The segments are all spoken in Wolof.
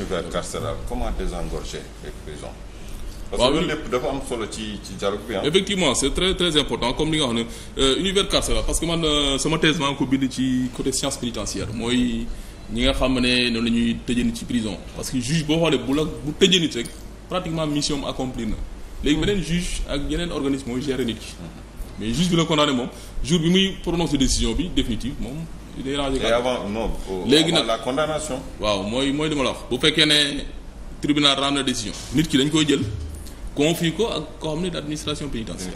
univers carcéral comment désengorger les prisons. parce que lépp dafa am solo ci ci dialogue bi effectivement c' très très important comme li nga xam ne euh, univers carcéral parce que man euh, sama thèse maa ko bind ci côté science pénitentiaire mooy ñi nga xam ne noonu la ñuy nit ci prison. parce que juge boo xoolee bu la bu tëjee nit rek pratiquement mission accomplie na. léegi hmm. beneen juge ak yeneen organisme mooy gérer nit ki. Hmm. mais juge bi la condamné day rangé. avant léegi nag la condamnation. waaw mooy mooy li ma la bu fekkee ne tribunal rend la décision nit ki dañ koy jël confie ko ak koo xam ne administration pénitentiaire.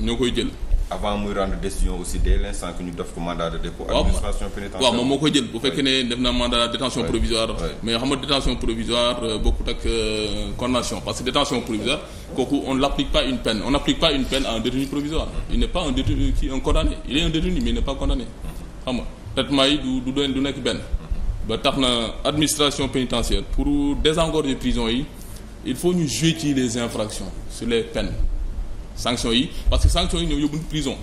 ñoo koy jël. avant muy rendre décision aussi dès l'instant que ñu def ko mandat de dépôt. administration pénitentiaire waaw moom moo koy jël bu fekkee ne def na mandat détention provisoire. mais xam nga détention provisoire euh, bokkut ak euh, condamnation parce que détention provisoire kooku on n'applique pas une peine on n'applique pas une peine à un détenu provisoire. il n'est pas un détenu xam nga traitement yi du du du nekk benn ba tax na administration pénitentiaire pour désengorger prison yi il faut ñu jouer ci les infractions sur les peines sanctions yi parce que sanctions yi ñoo yóbbu prison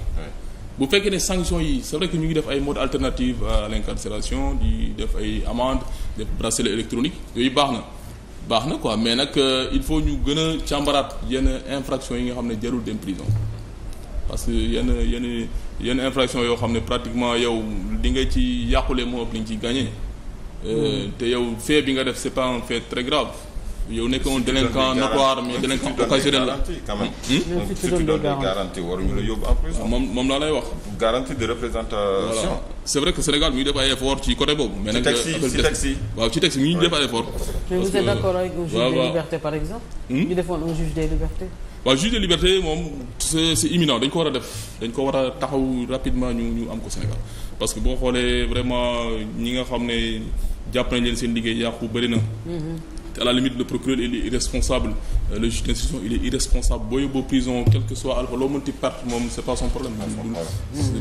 bu fekkee ne sanctions yi c'est vrai que ñu ngi def ay modes alternatifs à l'incarcération di def ay amende def bracelet électronique yooyu baax na baax na quoi mais nag euh, il faut ñu gën a càmbaraat yenn infractions yi nga xam ne jarul dem prison parce que yenn yenn yenn infraction yoo xam ne pratiquement yow di nga ci yàqule moo ëpp li nga ciy gagné. Euh, hmm. te yow bi nga def c'est pas un fait très grave. yow nekk un la. Hmm? surtout doon hmm? garantie waruñu ah, moom moom lay wax. garantie de représentation. c'est vrai que Sénégal mi ngi def ay effort ci côté boobu. mais nag euh, ci texte yi waaw ci texte mi ngi def ay effort. parce que mais vous êtes d'accord avec un juge des libertés par exemple. ñu defoon un juge des libertés. waa juge de liberté moom c'est c'est imminent dañ ko war a def dañ ko war taxaw rapidement ñu ñu am ko Sénégal parce que boo xoolee vraiment ñi nga xam ne jàpp nañ leen seen liggéey yàqu bëri na. te mm-hmm. la limite le procureur il est irresponsable le juge d'instruction il est irresponsable boo yóbboo prison quel que soit alpha loo mënti perte moom c'est pas son problème. Mm-hmm.